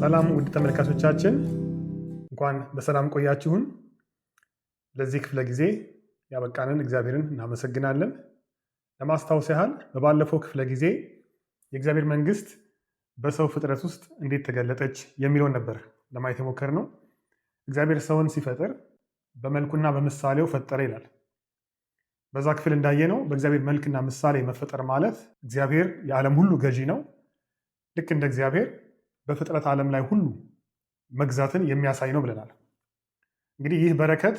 ሰላም ውድ ተመልካቾቻችን እንኳን በሰላም ቆያችሁን። ለዚህ ክፍለ ጊዜ ያበቃንን እግዚአብሔርን እናመሰግናለን። ለማስታወስ ያህል በባለፈው ክፍለ ጊዜ የእግዚአብሔር መንግስት በሰው ፍጥረት ውስጥ እንዴት ተገለጠች የሚለውን ነበር ለማየት የሞከር ነው። እግዚአብሔር ሰውን ሲፈጥር በመልኩና በምሳሌው ፈጠረ ይላል። በዛ ክፍል እንዳየነው በእግዚአብሔር መልክና ምሳሌ መፈጠር ማለት እግዚአብሔር የዓለም ሁሉ ገዢ ነው። ልክ እንደ እግዚአብሔር በፍጥረት ዓለም ላይ ሁሉ መግዛትን የሚያሳይ ነው ብለናል። እንግዲህ ይህ በረከት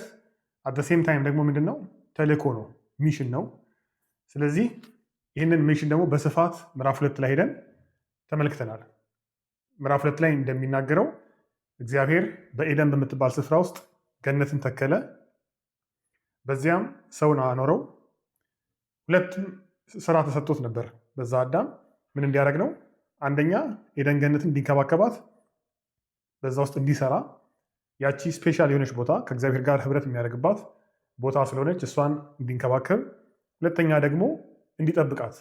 አደሴም ታይም ደግሞ ምንድን ነው? ተልእኮ ነው፣ ሚሽን ነው። ስለዚህ ይህንን ሚሽን ደግሞ በስፋት ምዕራፍ ሁለት ላይ ሄደን ተመልክተናል። ምዕራፍ ሁለት ላይ እንደሚናገረው እግዚአብሔር በኤደን በምትባል ስፍራ ውስጥ ገነትን ተከለ፣ በዚያም ሰውን አኖረው። ሁለቱም ስራ ተሰጥቶት ነበር። በዛ አዳም ምን እንዲያደርግ ነው አንደኛ ኤደን ገነትን እንዲንከባከባት በዛ ውስጥ እንዲሰራ ያቺ ስፔሻል የሆነች ቦታ ከእግዚአብሔር ጋር ህብረት የሚያደርግባት ቦታ ስለሆነች እሷን እንዲንከባከብ፣ ሁለተኛ ደግሞ እንዲጠብቃት።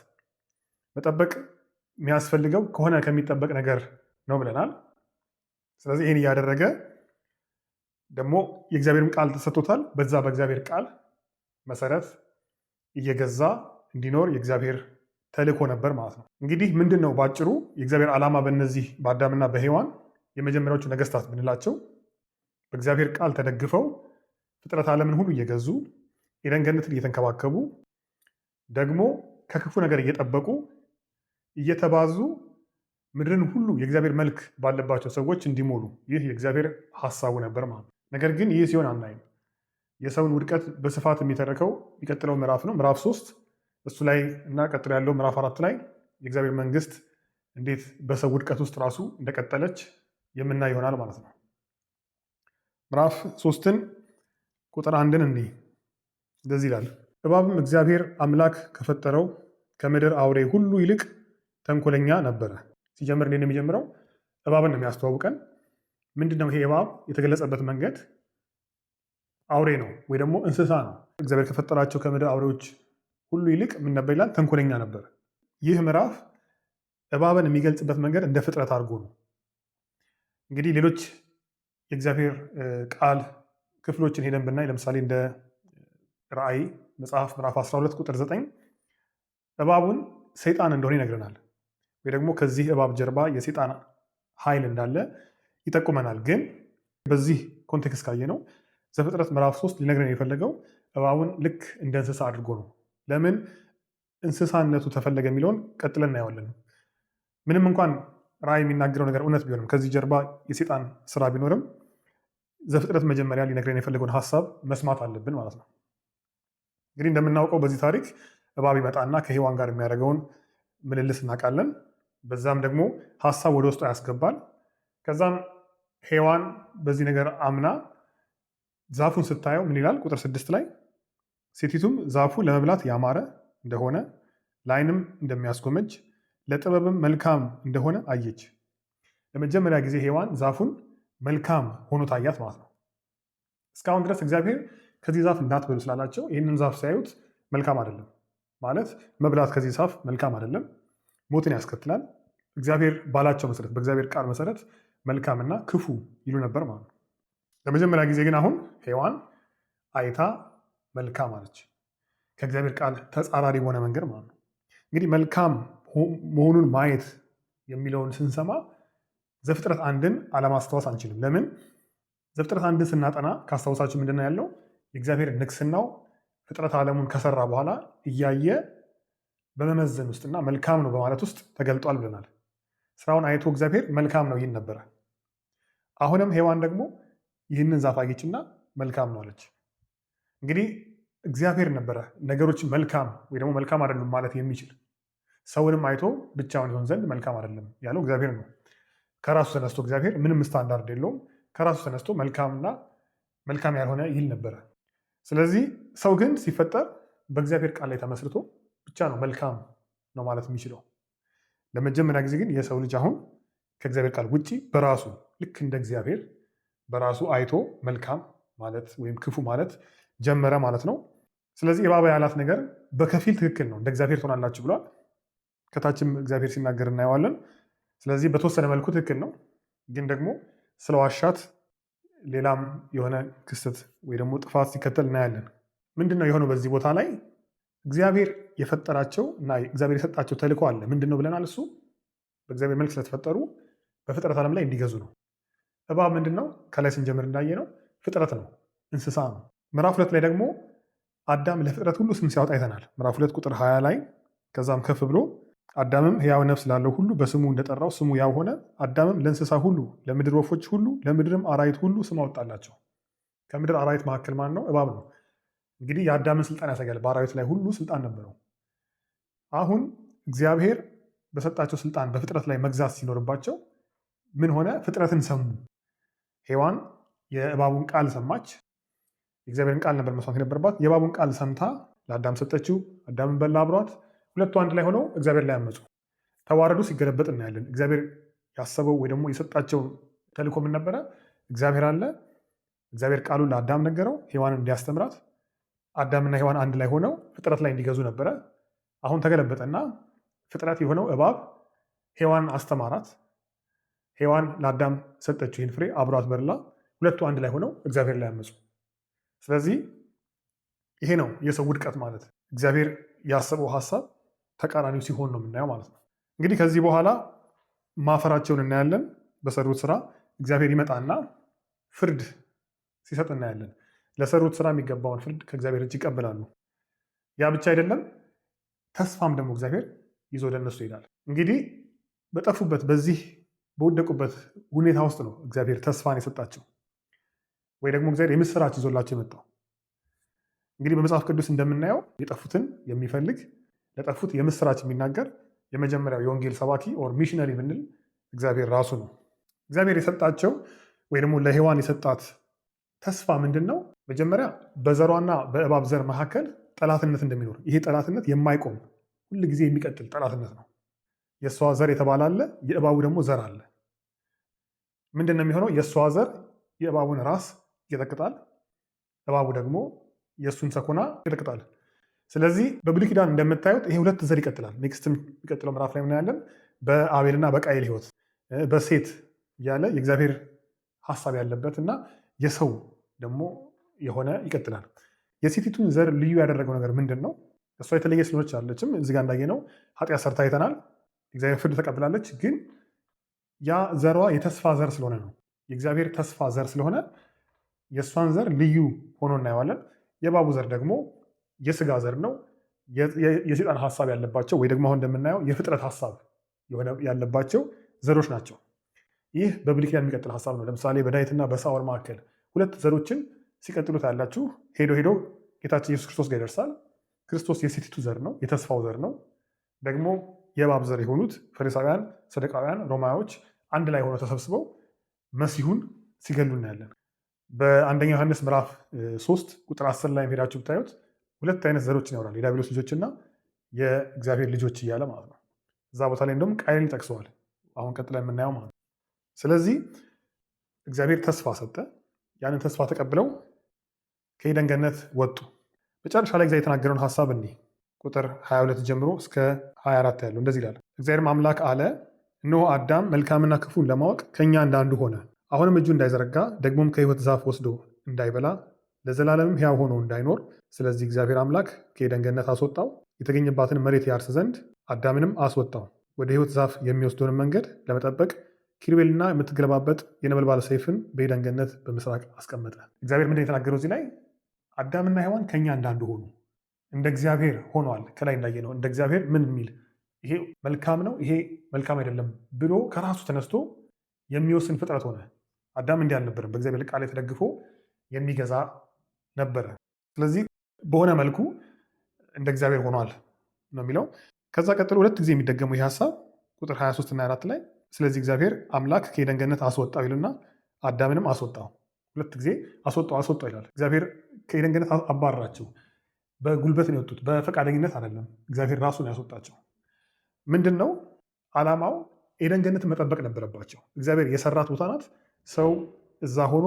መጠበቅ የሚያስፈልገው ከሆነ ከሚጠበቅ ነገር ነው ብለናል። ስለዚህ ይህን እያደረገ ደግሞ የእግዚአብሔርም ቃል ተሰጥቶታል። በዛ በእግዚአብሔር ቃል መሰረት እየገዛ እንዲኖር የእግዚአብሔር ተልእኮ ነበር ማለት ነው። እንግዲህ ምንድን ነው ባጭሩ የእግዚአብሔር ዓላማ በእነዚህ በአዳምና በሔዋን የመጀመሪያዎቹ ነገስታት ብንላቸው በእግዚአብሔር ቃል ተደግፈው ፍጥረት ዓለምን ሁሉ እየገዙ ኤደን ገነትን እየተንከባከቡ ደግሞ ከክፉ ነገር እየጠበቁ እየተባዙ ምድርን ሁሉ የእግዚአብሔር መልክ ባለባቸው ሰዎች እንዲሞሉ ይህ የእግዚአብሔር ሀሳቡ ነበር ማለት ነው። ነገር ግን ይህ ሲሆን አናይም። የሰውን ውድቀት በስፋት የሚተረከው የሚቀጥለው ምዕራፍ ነው፣ ምዕራፍ ሶስት እሱ ላይ እና ቀጥሎ ያለው ምዕራፍ አራት ላይ የእግዚአብሔር መንግስት እንዴት በሰው ውድቀት ውስጥ ራሱ እንደቀጠለች የምናይ ይሆናል ማለት ነው። ምዕራፍ ሶስትን ቁጥር አንድን እንዲህ እንደዚህ ይላል፣ እባብም እግዚአብሔር አምላክ ከፈጠረው ከምድር አውሬ ሁሉ ይልቅ ተንኮለኛ ነበረ። ሲጀምር እንዴት ነው የሚጀምረው? እባብን ነው የሚያስተዋውቀን። ምንድን ነው ይሄ እባብ የተገለጸበት መንገድ? አውሬ ነው ወይ ደግሞ እንስሳ ነው። እግዚአብሔር ከፈጠራቸው ከምድር አውሬዎች ሁሉ ይልቅ ምን ነበር ይላል? ተንኮለኛ ነበር። ይህ ምዕራፍ እባብን የሚገልጽበት መንገድ እንደ ፍጥረት አድርጎ ነው። እንግዲህ ሌሎች የእግዚአብሔር ቃል ክፍሎችን ሄደን ብናይ ለምሳሌ እንደ ራእይ መጽሐፍ ምዕራፍ 12 ቁጥር 9 እባቡን ሰይጣን እንደሆነ ይነግረናል፣ ወይ ደግሞ ከዚህ እባብ ጀርባ የሰይጣን ኃይል እንዳለ ይጠቁመናል። ግን በዚህ ኮንቴክስት ካየ ነው ዘፍጥረት ምዕራፍ 3 ሊነግረን የፈለገው እባቡን ልክ እንደ እንስሳ አድርጎ ነው። ለምን እንስሳነቱ ተፈለገ የሚለውን ቀጥለን እናየዋለን። ምንም እንኳን ራእይ የሚናገረው ነገር እውነት ቢሆንም ከዚህ ጀርባ የሴጣን ስራ ቢኖርም ዘፍጥረት መጀመሪያ ሊነግረን የፈለገውን ሀሳብ መስማት አለብን ማለት ነው። እንግዲህ እንደምናውቀው በዚህ ታሪክ እባብ ይመጣና ከሔዋን ጋር የሚያደርገውን ምልልስ እናውቃለን። በዛም ደግሞ ሀሳብ ወደ ውስጡ ያስገባል። ከዛም ሔዋን በዚህ ነገር አምና ዛፉን ስታየው ምን ይላል? ቁጥር ስድስት ላይ ሴቲቱም ዛፉ ለመብላት ያማረ እንደሆነ ለዓይንም እንደሚያስጎመጅ ለጥበብም መልካም እንደሆነ አየች። ለመጀመሪያ ጊዜ ሔዋን ዛፉን መልካም ሆኖ ታያት ማለት ነው። እስካሁን ድረስ እግዚአብሔር ከዚህ ዛፍ እንዳትበሉ ስላላቸው ይህንን ዛፍ ሲያዩት መልካም አይደለም ማለት መብላት ከዚህ ዛፍ መልካም አይደለም፣ ሞትን ያስከትላል። እግዚአብሔር ባላቸው መሰረት፣ በእግዚአብሔር ቃል መሰረት መልካምና ክፉ ይሉ ነበር ማለት ነው። ለመጀመሪያ ጊዜ ግን አሁን ሔዋን አይታ መልካም አለች። ከእግዚአብሔር ቃል ተጻራሪ በሆነ መንገድ ማለት ነው። እንግዲህ መልካም መሆኑን ማየት የሚለውን ስንሰማ ዘፍጥረት አንድን አለማስታወስ አንችልም። ለምን? ዘፍጥረት አንድን ስናጠና ካስታወሳችን ምንድነው ያለው? የእግዚአብሔር ንግስናው ፍጥረት ዓለሙን ከሰራ በኋላ እያየ በመመዘን ውስጥና መልካም ነው በማለት ውስጥ ተገልጧል ብለናል። ስራውን አይቶ እግዚአብሔር መልካም ነው ይል ነበረ። አሁንም ሔዋን ደግሞ ይህንን ዛፍ አጌጭና መልካም ነው አለች። እንግዲህ እግዚአብሔር ነበረ ነገሮች መልካም ወይ ደግሞ መልካም አይደሉም ማለት የሚችል ሰውንም አይቶ ብቻውን ይሆን ዘንድ መልካም አይደለም ያለው እግዚአብሔር ነው። ከራሱ ተነስቶ እግዚአብሔር ምንም ስታንዳርድ የለውም። ከራሱ ተነስቶ መልካምና መልካም ያልሆነ ይል ነበረ። ስለዚህ ሰው ግን ሲፈጠር በእግዚአብሔር ቃል ላይ ተመስርቶ ብቻ ነው መልካም ነው ማለት የሚችለው። ለመጀመሪያ ጊዜ ግን የሰው ልጅ አሁን ከእግዚአብሔር ቃል ውጭ በራሱ ልክ እንደ እግዚአብሔር በራሱ አይቶ መልካም ማለት ወይም ክፉ ማለት ጀመረ ማለት ነው። ስለዚህ እባብ ያላት ነገር በከፊል ትክክል ነው። እንደ እግዚአብሔር ትሆናላችሁ ብሏል። ከታችም እግዚአብሔር ሲናገር እናየዋለን። ስለዚህ በተወሰነ መልኩ ትክክል ነው፣ ግን ደግሞ ስለ ዋሻት ሌላም የሆነ ክስተት ወይ ደግሞ ጥፋት ሲከተል እናያለን። ምንድን ነው የሆነው? በዚህ ቦታ ላይ እግዚአብሔር የፈጠራቸው እና እግዚአብሔር የሰጣቸው ተልእኮ አለ። ምንድን ነው ብለናል? እሱ በእግዚአብሔር መልክ ስለተፈጠሩ በፍጥረት ዓለም ላይ እንዲገዙ ነው። እባብ ምንድን ነው? ከላይ ስንጀምር እንዳየ ነው፣ ፍጥረት ነው፣ እንስሳ ነው። ምዕራፍ ሁለት ላይ ደግሞ አዳም ለፍጥረት ሁሉ ስም ሲያወጣ ይተናል። ምዕራፍ ሁለት ቁጥር ሀያ ላይ ከዛም ከፍ ብሎ አዳምም ሕያው ነፍስ ላለው ሁሉ በስሙ እንደጠራው ስሙ ያው ሆነ። አዳምም ለእንስሳ ሁሉ፣ ለምድር ወፎች ሁሉ፣ ለምድርም አራዊት ሁሉ ስም አወጣላቸው። ከምድር አራዊት መካከል ማን ነው? እባብ ነው። እንግዲህ የአዳምን ስልጣን ያሳያል። በአራዊት ላይ ሁሉ ስልጣን ነበረው። አሁን እግዚአብሔር በሰጣቸው ስልጣን በፍጥረት ላይ መግዛት ሲኖርባቸው ምን ሆነ? ፍጥረትን ሰሙ። ሔዋን የእባቡን ቃል ሰማች። የእግዚአብሔርን ቃል ነበር መስማት የነበረባት። የእባቡን ቃል ሰምታ ለአዳም ሰጠችው። አዳምን በላ አብሯት። ሁለቱ አንድ ላይ ሆነው እግዚአብሔር ላይ አመፁ፣ ተዋረዱ። ሲገለበጥ እናያለን። እግዚአብሔር ያሰበው ወይ ደግሞ የሰጣቸው ተልእኮ ምን ነበረ? እግዚአብሔር አለ። እግዚአብሔር ቃሉን ለአዳም ነገረው፣ ሔዋንን እንዲያስተምራት። አዳምና ሔዋን አንድ ላይ ሆነው ፍጥረት ላይ እንዲገዙ ነበረ። አሁን ተገለበጠና ፍጥረት የሆነው እባብ ሔዋን አስተማራት። ሔዋን ለአዳም ሰጠችው ይህን ፍሬ አብሯት በላ። ሁለቱ አንድ ላይ ሆነው እግዚአብሔር ላይ አመፁ። ስለዚህ ይሄ ነው የሰው ውድቀት ማለት። እግዚአብሔር ያሰበው ሀሳብ ተቃራኒው ሲሆን ነው የምናየው ማለት ነው። እንግዲህ ከዚህ በኋላ ማፈራቸውን እናያለን። በሰሩት ስራ እግዚአብሔር ይመጣና ፍርድ ሲሰጥ እናያለን። ለሰሩት ስራ የሚገባውን ፍርድ ከእግዚአብሔር እጅ ይቀበላሉ። ያ ብቻ አይደለም፣ ተስፋም ደግሞ እግዚአብሔር ይዞ ለነሱ እነሱ ይሄዳል። እንግዲህ በጠፉበት በዚህ በወደቁበት ሁኔታ ውስጥ ነው እግዚአብሔር ተስፋን የሰጣቸው። ወይ ደግሞ እግዚአብሔር የምስራች ይዞላቸው የመጣው እንግዲህ በመጽሐፍ ቅዱስ እንደምናየው የጠፉትን የሚፈልግ ለጠፉት የምስራች የሚናገር የመጀመሪያው የወንጌል ሰባኪ ኦር ሚሽነሪ ብንል እግዚአብሔር ራሱ ነው። እግዚአብሔር የሰጣቸው ወይ ደግሞ ለሔዋን የሰጣት ተስፋ ምንድን ነው? መጀመሪያ በዘሯና በእባብ ዘር መካከል ጠላትነት እንደሚኖር፣ ይሄ ጠላትነት የማይቆም ሁል ጊዜ የሚቀጥል ጠላትነት ነው። የእሷ ዘር የተባለ አለ፣ የእባቡ ደግሞ ዘር አለ። ምንድን ነው የሚሆነው? የእሷ ዘር የእባቡን ራስ ይቀጠቅጣል፣ እባቡ ደግሞ የእሱን ሰኮና ይቀጠቅጣል። ስለዚህ በብሉይ ኪዳን እንደምታዩት ይሄ ሁለት ዘር ይቀጥላል። ኔክስትም የሚቀጥለው ምዕራፍ ላይ ምናያለን በአቤልና በቃይል ህይወት በሴት ያለ የእግዚአብሔር ሀሳብ ያለበት እና የሰው ደግሞ የሆነ ይቀጥላል። የሴቲቱን ዘር ልዩ ያደረገው ነገር ምንድን ነው? እሷ የተለየ ስለሆነች አለችም። እንዳየ ነው ኃጢአት ሰርታ አይተናል። እግዚአብሔር ፍርድ ተቀብላለች። ግን ያ ዘሯ የተስፋ ዘር ስለሆነ ነው የእግዚአብሔር ተስፋ ዘር ስለሆነ የእሷን ዘር ልዩ ሆኖ እናየዋለን። የባቡ ዘር ደግሞ የስጋ ዘር ነው። የሴጣን ሀሳብ ያለባቸው ወይ ደግሞ አሁን እንደምናየው የፍጥረት ሀሳብ ያለባቸው ዘሮች ናቸው። ይህ በብሉይ ኪዳን የሚቀጥል ሀሳብ ነው። ለምሳሌ በዳዊትና በሳኦል መካከል ሁለት ዘሮችን ሲቀጥሉት ያላችሁ ሄዶ ሄዶ ጌታችን ኢየሱስ ክርስቶስ ጋር ይደርሳል። ክርስቶስ የሴቲቱ ዘር ነው፣ የተስፋው ዘር ነው። ደግሞ የእባብ ዘር የሆኑት ፈሪሳውያን፣ ሰደቃውያን፣ ሮማዎች አንድ ላይ ሆነው ተሰብስበው መሲሁን ሲገሉ እናያለን። በአንደኛ ዮሐንስ ምዕራፍ ሶስት ቁጥር አስር ላይ ሄዳችሁ ብታዩት ሁለት አይነት ዘሮችን ያወራል የዲያብሎስ ልጆች እና የእግዚአብሔር ልጆች እያለ ማለት ነው። እዛ ቦታ ላይ እንደውም ቃይልን ጠቅሰዋል። አሁን ቀጥላ የምናየው ማለት ነው። ስለዚህ እግዚአብሔር ተስፋ ሰጠ። ያንን ተስፋ ተቀብለው ከኤደን ገነት ወጡ። መጨረሻ ላይ እግዚአብሔር የተናገረውን ሀሳብ እኒህ ቁጥር 22 ጀምሮ እስከ 24 ያለው እንደዚህ ይላል። እግዚአብሔር አምላክ አለ፣ እነሆ አዳም መልካምና ክፉን ለማወቅ ከእኛ እንዳንዱ ሆነ፣ አሁንም እጁ እንዳይዘረጋ ደግሞም ከሕይወት ዛፍ ወስዶ እንዳይበላ ለዘላለምም ሕያው ሆኖ እንዳይኖር ስለዚህ እግዚአብሔር አምላክ ከኤደን ገነት አስወጣው። የተገኘባትን መሬት ያርስ ዘንድ አዳምንም አስወጣው። ወደ ሕይወት ዛፍ የሚወስደውን መንገድ ለመጠበቅ ኪሩቤልና የምትገለባበጥ የነበልባል ሰይፍን በኤደን ገነት በምስራቅ አስቀመጠ። እግዚአብሔር ምንድን የተናገረው እዚህ ላይ አዳምና ሔዋን ከኛ እንዳንዱ ሆኑ፣ እንደ እግዚአብሔር ሆኗል። ከላይ እንዳየ ነው እንደ እግዚአብሔር ምን የሚል ይሄ መልካም ነው፣ ይሄ መልካም አይደለም ብሎ ከራሱ ተነስቶ የሚወስን ፍጥረት ሆነ። አዳም እንዲህ አልነበረም። በእግዚአብሔር ቃል ተደግፎ የሚገዛ ነበረ። ስለዚህ በሆነ መልኩ እንደ እግዚአብሔር ሆኗል ነው የሚለው። ከዛ ቀጥሎ ሁለት ጊዜ የሚደገመው ይህ ሀሳብ ቁጥር 23 እና 4 ላይ ስለዚህ እግዚአብሔር አምላክ ከኤደን ገነት አስወጣው ይልና አዳምንም አስወጣው። ሁለት ጊዜ አስወጣው አስወጣው ይላል። እግዚአብሔር ከኤደን ገነት አባረራቸው። በጉልበት ነው የወጡት፣ በፈቃደኝነት አይደለም። እግዚአብሔር ራሱ ነው ያስወጣቸው። ምንድን ነው ዓላማው? ኤደን መጠበቅ ነበረባቸው። እግዚአብሔር የሰራት ቦታ ናት። ሰው እዛ ሆኖ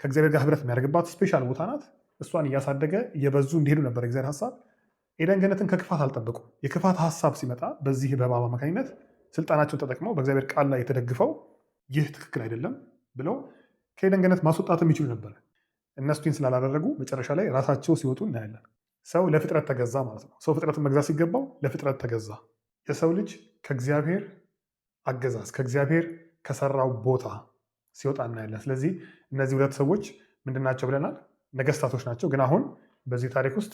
ከእግዚአብሔር ጋር ህብረት የሚያደርግባት ስፔሻል ቦታ ናት። እሷን እያሳደገ እየበዙ እንዲሄዱ ነበር እግዚአብሔር ሀሳብ። ኤደን ገነትን ከክፋት አልጠበቁም። የክፋት ሀሳብ ሲመጣ በዚህ በእባብ አማካኝነት ስልጣናቸውን ተጠቅመው በእግዚአብሔር ቃል ላይ የተደግፈው ይህ ትክክል አይደለም ብለው ከኤደን ገነት ማስወጣትም ይችሉ ነበር። እነሱን ስላላደረጉ መጨረሻ ላይ ራሳቸው ሲወጡ እናያለን። ሰው ለፍጥረት ተገዛ ማለት ነው። ሰው ፍጥረትን መግዛት ሲገባው ለፍጥረት ተገዛ። የሰው ልጅ ከእግዚአብሔር አገዛዝ ከእግዚአብሔር ከሰራው ቦታ ሲወጣ እናያለን። ስለዚህ እነዚህ ሁለት ሰዎች ምንድን ናቸው ብለናል? ነገስታቶች ናቸው። ግን አሁን በዚህ ታሪክ ውስጥ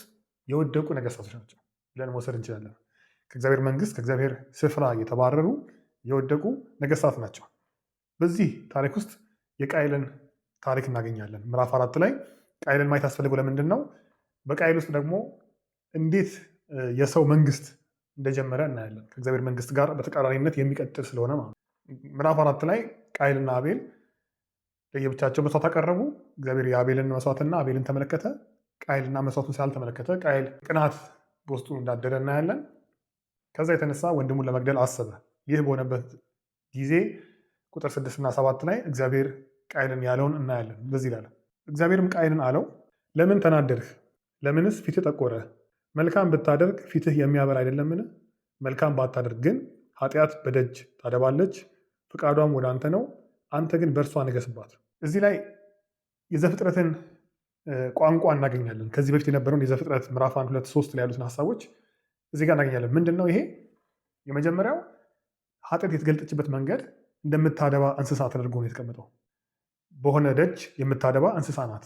የወደቁ ነገስታቶች ናቸው ብለን መውሰድ እንችላለን። ከእግዚአብሔር መንግስት፣ ከእግዚአብሔር ስፍራ የተባረሩ የወደቁ ነገስታት ናቸው። በዚህ ታሪክ ውስጥ የቃይልን ታሪክ እናገኛለን። ምዕራፍ አራት ላይ ቃይልን ማየት ያስፈልገው ለምንድን ነው? በቃይል ውስጥ ደግሞ እንዴት የሰው መንግስት እንደጀመረ እናያለን። ከእግዚአብሔር መንግስት ጋር በተቃራኒነት የሚቀጥል ስለሆነ ማለት ምዕራፍ አራት ላይ ቃይልና አቤል ለየብቻቸው መስዋዕት አቀረቡ። እግዚአብሔር የአቤልን መስዋዕትና አቤልን ተመለከተ። ቃይልና መስዋዕቱን ስላልተመለከተ ቃይል ቅናት በውስጡ እንዳደረ እናያለን። ከዛ የተነሳ ወንድሙን ለመግደል አሰበ። ይህ በሆነበት ጊዜ ቁጥር ስድስትና ሰባት ላይ እግዚአብሔር ቃይልን ያለውን እናያለን። በዚህ ይላል፣ እግዚአብሔርም ቃይልን አለው፣ ለምን ተናደድህ? ለምንስ ፊትህ ጠቆረ? መልካም ብታደርግ ፊትህ የሚያበር አይደለምን? መልካም ባታደርግ ግን ኃጢአት በደጅ ታደባለች፣ ፈቃዷም ወደ አንተ ነው፣ አንተ ግን በእርሷ ንገስባት። እዚህ ላይ የዘፍጥረትን ቋንቋ እናገኛለን። ከዚህ በፊት የነበረውን የዘፍጥረት ምዕራፍ አንድ ሁለት ሶስት ላይ ያሉትን ሀሳቦች እዚህ ጋር እናገኛለን። ምንድን ነው ይሄ? የመጀመሪያው ኃጢአት የተገለጠችበት መንገድ እንደምታደባ እንስሳ ተደርጎ ነው የተቀመጠው። በሆነ ደጅ የምታደባ እንስሳ ናት።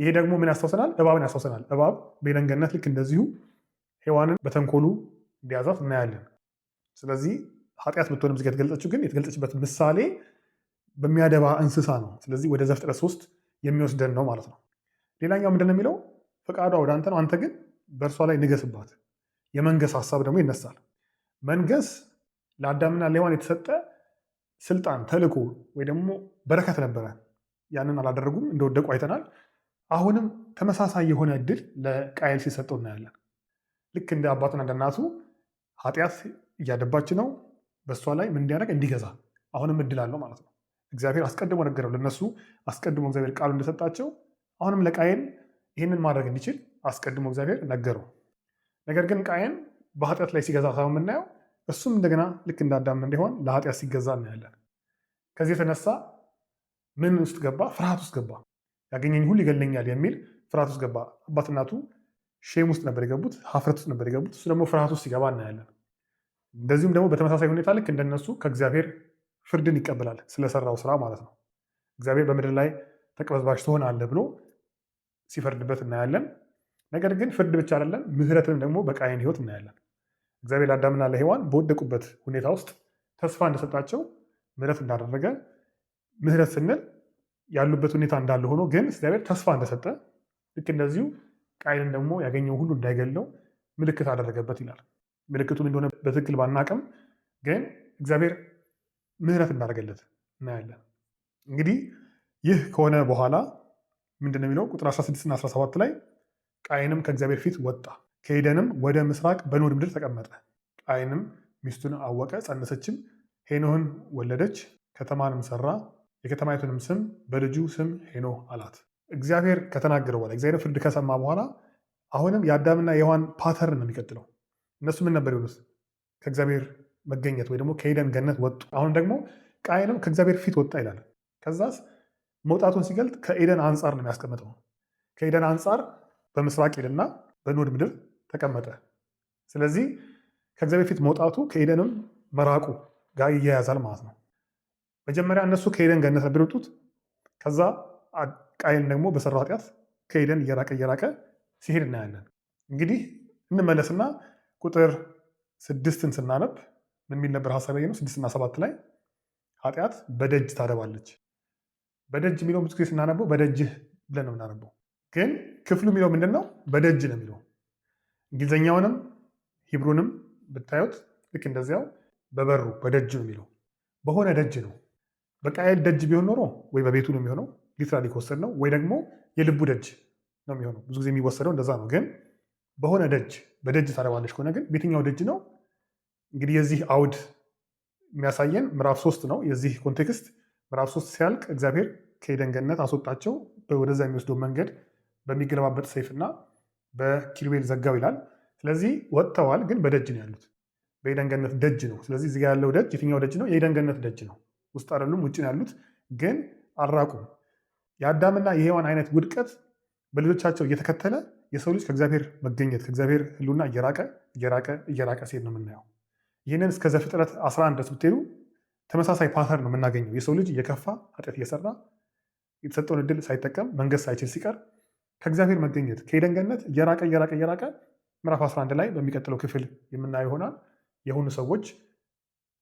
ይሄ ደግሞ ምን ያስታውሰናል? እባብን ያስታውሰናል። እባብ በየለንገነት ልክ እንደዚሁ ሔዋንን በተንኮሉ እንዲያዛት እናያለን። ስለዚህ ኃጢአት ብትሆንም እዚህ ጋር የተገለጠችው ግን የተገለጠችበት ምሳሌ በሚያደባ እንስሳ ነው። ስለዚህ ወደ ዘፍጥረት ሶስት የሚወስደን ነው ማለት ነው። ሌላኛው ምንድን ነው የሚለው ፈቃዷ ወደ አንተ ነው፣ አንተ ግን በእርሷ ላይ ንገስባት። የመንገስ ሀሳብ ደግሞ ይነሳል። መንገስ ለአዳምና ለሔዋን የተሰጠ ስልጣን፣ ተልእኮ ወይ ደግሞ በረከት ነበረ። ያንን አላደረጉም፣ እንደወደቁ አይተናል። አሁንም ተመሳሳይ የሆነ እድል ለቃየል ሲሰጠው እናያለን። ልክ እንደ አባቱና እንደ እናቱ ኃጢአት እያደባች ነው፣ በእሷ ላይ ምን እንዲያደርግ እንዲገዛ አሁንም እድል አለው ማለት ነው። እግዚአብሔር አስቀድሞ ነገረው። ለነሱ አስቀድሞ እግዚአብሔር ቃሉ እንደሰጣቸው አሁንም ለቃየን ይህንን ማድረግ እንዲችል አስቀድሞ እግዚአብሔር ነገረው። ነገር ግን ቃየን በኃጢአት ላይ ሲገዛ ሳይሆን የምናየው እሱም እንደገና ልክ እንዳዳም እንዲሆን ለኃጢአት ሲገዛ እናያለን። ከዚህ የተነሳ ምን ውስጥ ገባ? ፍርሃት ውስጥ ገባ። ያገኘኝ ሁሉ ይገለኛል የሚል ፍርሃት ውስጥ ገባ። አባት ሼም ውስጥ ነበር የገቡት፣ ሀፍረት ውስጥ ነበር የገቡት። እሱ ደግሞ ፍርሃት ውስጥ ሲገባ እናያለን። እንደዚሁም ደግሞ በተመሳሳይ ሁኔታ ልክ እንደነሱ ከእግዚአብሔር ፍርድን ይቀበላል ስለሰራው ስራ ማለት ነው። እግዚአብሔር በምድር ላይ ተቅበዝባዥ ትሆናለህ ብሎ ሲፈርድበት እናያለን። ነገር ግን ፍርድ ብቻ አይደለም፣ ምህረትንም ደግሞ በቃየን ህይወት እናያለን። እግዚአብሔር ለአዳምና ለሔዋን በወደቁበት ሁኔታ ውስጥ ተስፋ እንደሰጣቸው ምህረት እንዳደረገ ምህረት ስንል ያሉበት ሁኔታ እንዳለ ሆኖ ግን እግዚአብሔር ተስፋ እንደሰጠ ልክ እንደዚሁ ቃይንን ደግሞ ያገኘው ሁሉ እንዳይገለው ምልክት አደረገበት ይላል። ምልክቱ እንደሆነ በትክክል ባናቅም ግን እግዚአብሔር ምህረት እንዳደረገለት እናያለን። እንግዲህ ይህ ከሆነ በኋላ ምንድን ነው የሚለው ቁጥር 16 እና 17 ላይ ቃይንም ከእግዚአብሔር ፊት ወጣ፣ ከሄደንም ወደ ምስራቅ በኖድ ምድር ተቀመጠ። ቃይንም ሚስቱን አወቀ፣ ጸነሰችም፣ ሄኖህን ወለደች። ከተማንም ሰራ፣ የከተማይቱንም ስም በልጁ ስም ሄኖህ አላት። እግዚአብሔር ከተናገረ በኋላ እግዚአብሔር ፍርድ ከሰማ በኋላ አሁንም የአዳምና የሔዋን ፓተርን ነው የሚቀጥለው። እነሱ ምን ነበር የሆኑት? ከእግዚአብሔር መገኘት ወይ ደግሞ ከኤደን ገነት ወጡ። አሁን ደግሞ ቃየንም ከእግዚአብሔር ፊት ወጣ ይላል። ከዛስ መውጣቱን ሲገልጥ ከኤደን አንጻር ነው የሚያስቀምጠው። ከኤደን አንጻር በምስራቅ ኤደንና በኖድ ምድር ተቀመጠ። ስለዚህ ከእግዚአብሔር ፊት መውጣቱ ከኤደንም መራቁ ጋር ይያያዛል ማለት ነው። መጀመሪያ እነሱ ከኤደን ገነት ነበር የወጡት። ከዛ ቃየን ደግሞ በሰራው ኃጢአት ከኤደን እየራቀ እየራቀ ሲሄድ እናያለን። እንግዲህ እንመለስና ቁጥር ስድስትን ስናነብ የሚል ነበር ሀሳብ ያየ ነው። ስድስትና ሰባት ላይ ኃጢአት በደጅ ታደባለች። በደጅ የሚለው ብዙ ጊዜ ስናነበው በደጅህ ብለን ነው የምናነበው፣ ግን ክፍሉ የሚለው ምንድን ነው? በደጅ ነው የሚለው። እንግሊዝኛውንም ሂብሩንም ብታዩት ልክ እንደዚያው በበሩ በደጅ ነው የሚለው። በሆነ ደጅ ነው። በቃየል ደጅ ቢሆን ኖሮ ወይ በቤቱ ነው የሚሆነው ሊትራሊ ከወሰድ ነው፣ ወይ ደግሞ የልቡ ደጅ ነው የሚሆነው። ብዙ ጊዜ የሚወሰደው እንደዛ ነው። ግን በሆነ ደጅ በደጅ ታደባለች ከሆነ ግን ቤተኛው ደጅ ነው? እንግዲህ የዚህ አውድ የሚያሳየን ምዕራፍ ሶስት ነው። የዚህ ኮንቴክስት ምዕራፍ ሶስት ሲያልቅ እግዚአብሔር ከኤደን ገነት አስወጣቸው ወደዛ የሚወስደው መንገድ በሚገለባበጥ ሰይፍና በኪሩቤል ዘጋው ይላል። ስለዚህ ወጥተዋል፣ ግን በደጅ ነው ያሉት። በኤደን ገነት ደጅ ነው። ስለዚህ እዚህ ያለው ደጅ የትኛው ደጅ ነው? የኤደን ገነት ደጅ ነው። ውስጥ አይደሉም፣ ውጭ ነው ያሉት፣ ግን አልራቁም። የአዳምና የሔዋን አይነት ውድቀት በልጆቻቸው እየተከተለ የሰው ልጅ ከእግዚአብሔር መገኘት ከእግዚአብሔር ሕልውና እየራቀ እየራቀ እየራቀ ሲሄድ ነው የምናየው። ይህንን እስከ ዘፍጥረት 11 ድረስ ብትሄዱ ተመሳሳይ ፓተርን ነው የምናገኘው። የሰው ልጅ የከፋ ኃጢአት እየሰራ የተሰጠውን እድል ሳይጠቀም መንገስ ሳይችል ሲቀር ከእግዚአብሔር መገኘት ከኤደን ገነት እየራቀ እየራቀ እየራቀ ምዕራፍ 11 ላይ በሚቀጥለው ክፍል የምናየው ይሆናል። የሆኑ ሰዎች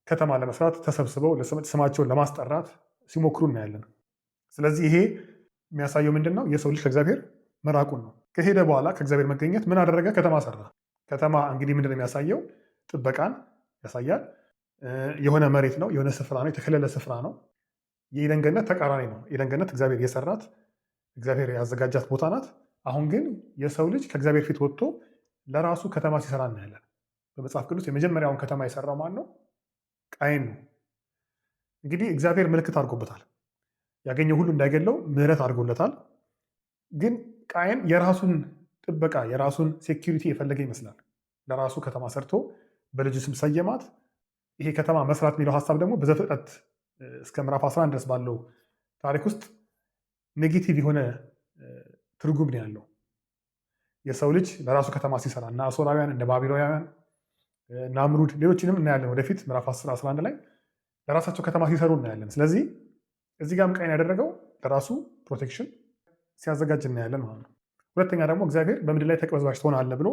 ከተማ ለመስራት ተሰብስበው ስማቸውን ለማስጠራት ሲሞክሩ እናያለን። ስለዚህ ይሄ የሚያሳየው ምንድን ነው? የሰው ልጅ ከእግዚአብሔር መራቁን ነው። ከሄደ በኋላ ከእግዚአብሔር መገኘት ምን አደረገ? ከተማ ሰራ። ከተማ እንግዲህ ምንድን ነው የሚያሳየው? ጥበቃን ያሳያል። የሆነ መሬት ነው፣ የሆነ ስፍራ ነው፣ የተከለለ ስፍራ ነው። የኤደን ገነት ተቃራኒ ነው። የኤደን ገነት እግዚአብሔር የሰራት እግዚአብሔር ያዘጋጃት ቦታ ናት። አሁን ግን የሰው ልጅ ከእግዚአብሔር ፊት ወጥቶ ለራሱ ከተማ ሲሰራ እናያለን። በመጽሐፍ ቅዱስ የመጀመሪያውን ከተማ የሰራው ማን ነው? ቃይን ነው። እንግዲህ እግዚአብሔር ምልክት አድርጎበታል። ያገኘው ሁሉ እንዳይገለው ምሕረት አድርጎለታል። ግን ቃይን የራሱን ጥበቃ የራሱን ሴኪሪቲ የፈለገ ይመስላል። ለራሱ ከተማ ሰርቶ በልጁ ስም ሰየማት። ይሄ ከተማ መስራት የሚለው ሀሳብ ደግሞ በዘፍጥረት እስከ ምዕራፍ 11 ድረስ ባለው ታሪክ ውስጥ ኔጌቲቭ የሆነ ትርጉም ነው ያለው። የሰው ልጅ ለራሱ ከተማ ሲሰራ እና አሶራውያን እንደ ባቢሎናውያን ናምሩድ፣ ሌሎችንም እናያለን ወደፊት ምዕራፍ 10 11 ላይ ለራሳቸው ከተማ ሲሰሩ እናያለን። ስለዚህ እዚህ ጋርም ቃይን ያደረገው ለራሱ ፕሮቴክሽን ሲያዘጋጅ እናያለን ማለት ነው። ሁለተኛ ደግሞ እግዚአብሔር በምድር ላይ ተቅበዝባዥ ትሆናለህ ብሎ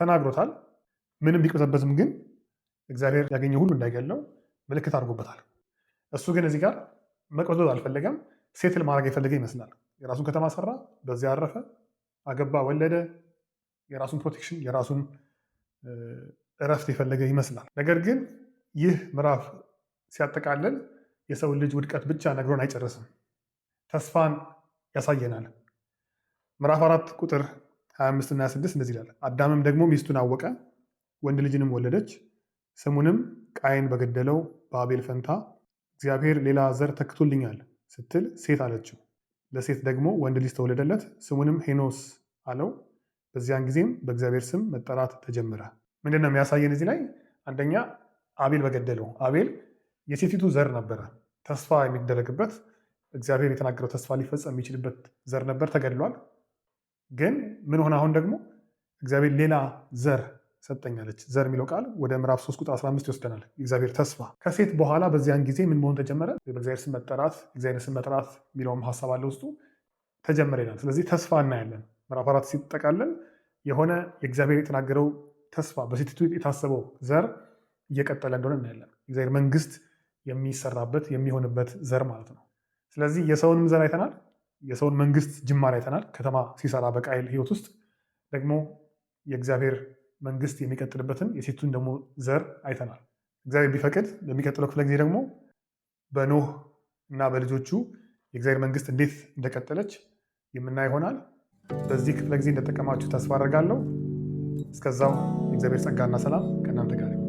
ተናግሮታል። ምንም ቢቅበዘበዝም ግን እግዚአብሔር ያገኘ ሁሉ እንዳይገለው ምልክት አድርጎበታል። እሱ ግን እዚህ ጋር መቅበዝበዝ አልፈለገም። ሴትል ማድረግ የፈለገ ይመስላል። የራሱን ከተማ ሰራ፣ በዚያ አረፈ፣ አገባ፣ ወለደ። የራሱን ፕሮቴክሽን የራሱን እረፍት የፈለገ ይመስላል። ነገር ግን ይህ ምዕራፍ ሲያጠቃልል የሰው ልጅ ውድቀት ብቻ ነግሮን አይጨርስም፣ ተስፋን ያሳየናል። ምዕራፍ አራት ቁጥር 25 እና 26 እንደዚህ ይላል፣ አዳምም ደግሞ ሚስቱን አወቀ ወንድ ልጅንም ወለደች። ስሙንም ቃየን በገደለው በአቤል ፈንታ እግዚአብሔር ሌላ ዘር ተክቶልኛል ስትል ሴት አለችው። ለሴት ደግሞ ወንድ ልጅ ተወለደለት፣ ስሙንም ሄኖስ አለው። በዚያን ጊዜም በእግዚአብሔር ስም መጠራት ተጀመረ። ምንድን ነው የሚያሳየን እዚህ ላይ? አንደኛ አቤል በገደለው አቤል የሴቲቱ ዘር ነበረ፣ ተስፋ የሚደረግበት እግዚአብሔር የተናገረው ተስፋ ሊፈጸም የሚችልበት ዘር ነበር፣ ተገድሏል። ግን ምን ሆነ? አሁን ደግሞ እግዚአብሔር ሌላ ዘር ሰጠኛለች። ዘር የሚለው ቃል ወደ ምዕራፍ 3 ቁጥር 15 ይወስደናል። እግዚአብሔር ተስፋ ከሴት በኋላ በዚያን ጊዜ ምን መሆን ተጀመረ? በእግዚአብሔር ስም መጠራት፣ እግዚአብሔር ስም መጥራት የሚለውም ሀሳብ አለ ውስጡ ተጀመረ ይላል። ስለዚህ ተስፋ እናያለን። ምዕራፍ አራት ሲጠቃለን የሆነ የእግዚአብሔር የተናገረው ተስፋ በሴቲቱ የታሰበው ዘር እየቀጠለ እንደሆነ እናያለን። እግዚአብሔር መንግስት የሚሰራበት የሚሆንበት ዘር ማለት ነው። ስለዚህ የሰውንም ዘር አይተናል። የሰውን መንግስት ጅማሬ አይተናል። ከተማ ሲሰራ በቃይል ህይወት ውስጥ ደግሞ የእግዚአብሔር መንግስት የሚቀጥልበትን የሴቱን ደግሞ ዘር አይተናል። እግዚአብሔር ቢፈቅድ ለሚቀጥለው ክፍለ ጊዜ ደግሞ በኖህ እና በልጆቹ የእግዚአብሔር መንግስት እንዴት እንደቀጠለች የምናይ ይሆናል። በዚህ ክፍለ ጊዜ እንደጠቀማችሁ ተስፋ አደርጋለሁ። እስከዛው የእግዚአብሔር ጸጋና ሰላም ከእናንተ ጋር